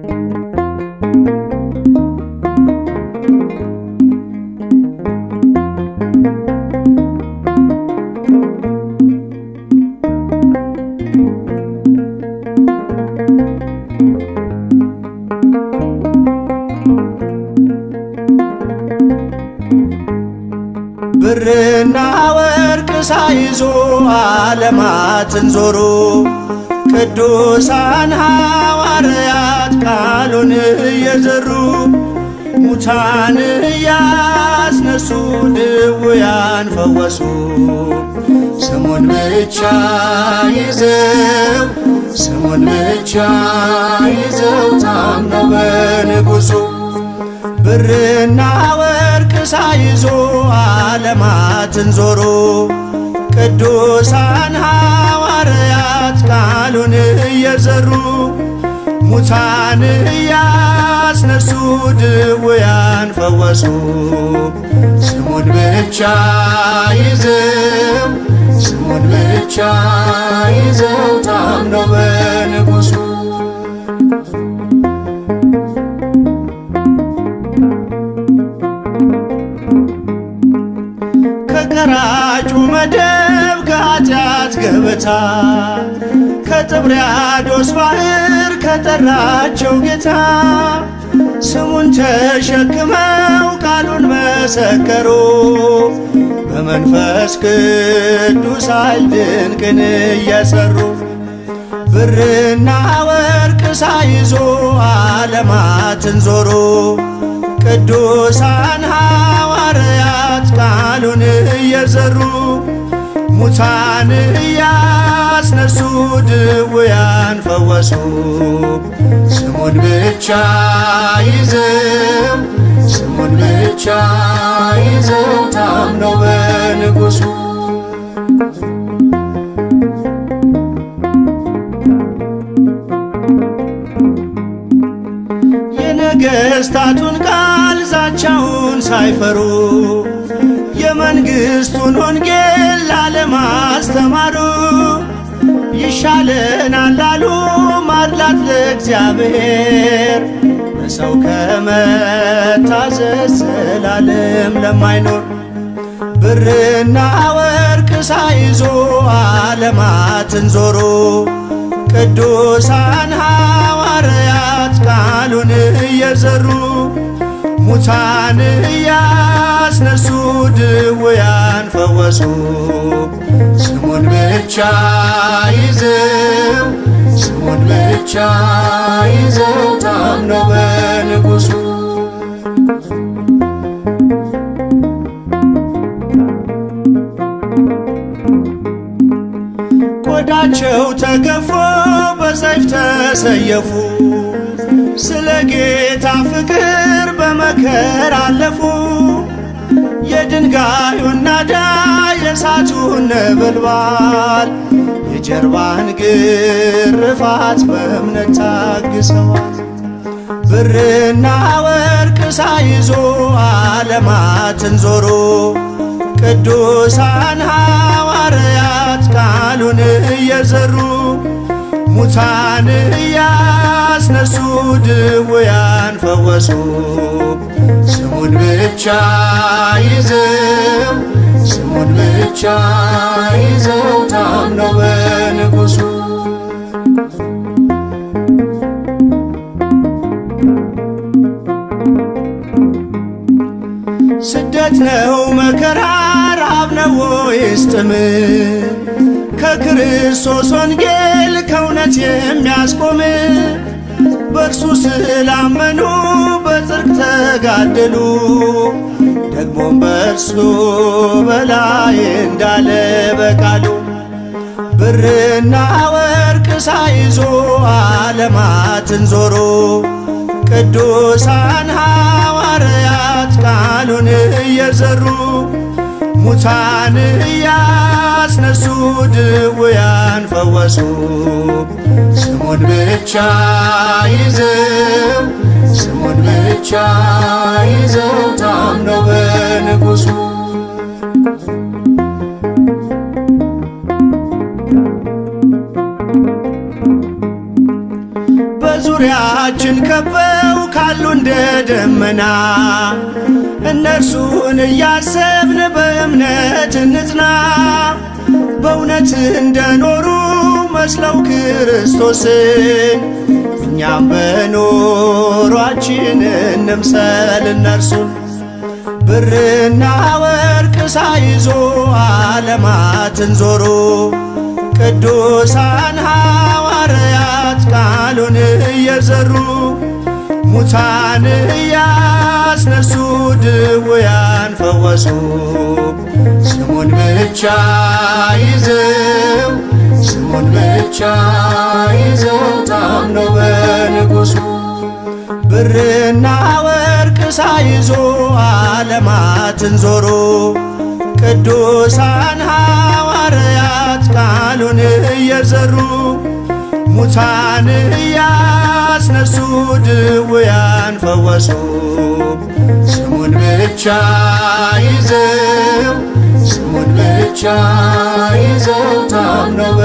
thank mm. you ዓለማትን ዞሩ ቅዱሳን ሐዋርያት ቃሉን እየዘሩ ሙታን እያስነሱ ድውያን ፈወሱ። ስሙን ብቻ ይዘው ስሙን ብቻ ይዘው ታምነው በንጉሡ ብርና ወርቅ ሳይዞ ዓለማትን ዞሩ ቅዱሳን ሐዋርያት ቃሉን እየዘሩ ሙታን እያስነሱ ድውያን ፈወሱ። ስሙን ብቻ ይዘው ስሙን ብቻ ይዘው ታምነው በንጉሡ ውለታ ከጥብርያዶስ ባሕር ከጠራቸው ጌታ ስሙን ተሸክመው ቃሉን መሰከሩ በመንፈስ ቅዱስ ኃይል ድንቅን እየሠሩ ብርና ወርቅ ሳይዞ ዓለማትን ዞሩ ቅዱሳን ሐዋርያት ቃሉን እየዘሩ ሙታን እያስነሱ ድውያን ፈወሱ። ስሙን ብቻ ይዘው ስሙን ብቻ ይዘው ታምነው በንጉሱ የነገስታቱን ቃል ዛቻውን ሳይፈሩ የመንግስቱን ወንጌል ላለማስተማሩ ይሻለናል ላሉ ማድላት ለእግዚአብሔር በሰው ከመታዘዝ ዘላለም ለማይኖር ብርና ወርቅ ሳይዞ ዓለማትን ዞሮ ቅዱሳን ሐዋርያት ቃሉን እየዘሩ ሙታን እያ አስነሱ ድውያን ፈወሱ። ስሙን ብቻ ይዘው ስሙን ብቻ ይዘው ታምነው በንጉሱ ቆዳቸው ተገፎ በሰይፍ ተሰየፉ ስለ ጌታ ፍቅር በመከር አለፉ። የድንጋዩን ናዳ የእሳቱን ነበልባል የጀርባን ግርፋት በእምነት ታግሰዋል። ብርና ወርቅ ሳይዞ ዓለማትን ዞሮ ቅዱሳን ሐዋርያት ቃሉን እየዘሩ ሙታን እያ ሲያስነሱ ድውያን ፈወሱ። ስሙን ብቻ ይዘው ስሙን ብቻ ይዘው ታምነው በንጉሱ ስደት ነው መከራ ራብ ነው ወይስ ጥም ከክርስቶስ ወንጌል ከእውነት የሚያስቆም በእርሱ ስላመኑ በጽርቅ ተጋደሉ። ደግሞም በእርሱ በላይ እንዳለ በቃሉ ብርና ወርቅ ሳይዞ ዓለማትን ዞሮ ቅዱሳን ሐዋርያት ቃሉን እየዘሩ ሙታን ያስነሱ ድውያን ፈወሱ። ስሙን ብቻ ይዘው ስሙን ብቻ ይዘው ታምነው በንጉሱ በዙሪያችን ከበው ያልፋሉ እንደ ደመና እነርሱን እያሰብን በእምነት እንጽና። በእውነት እንደኖሩ መስለው ክርስቶስን እኛም በኖሯችን እንምሰል እነርሱን። ብርና ወርቅ ሳይዞ ዓለማትን ዞሮ ቅዱሳን ሐዋርያት ቃሉን እየዘሩ ሙታን እያስነሱ ድውያን ፈወሱ። ስሙን ብቻ ይዘው ስሙን ብቻ ይዘው ታምኖ በንጉሱ ብርና ወርቅ ሳይዞ ዓለማትን ዞሩ ቅዱሳን ሐዋርያት ቃሉን እየዘሩ ሙታን እያ አስነሱ ድውያን ፈወሱ። ስሙን ብቻ ይዘው ስሙን ብቻ ይዘው ታምነው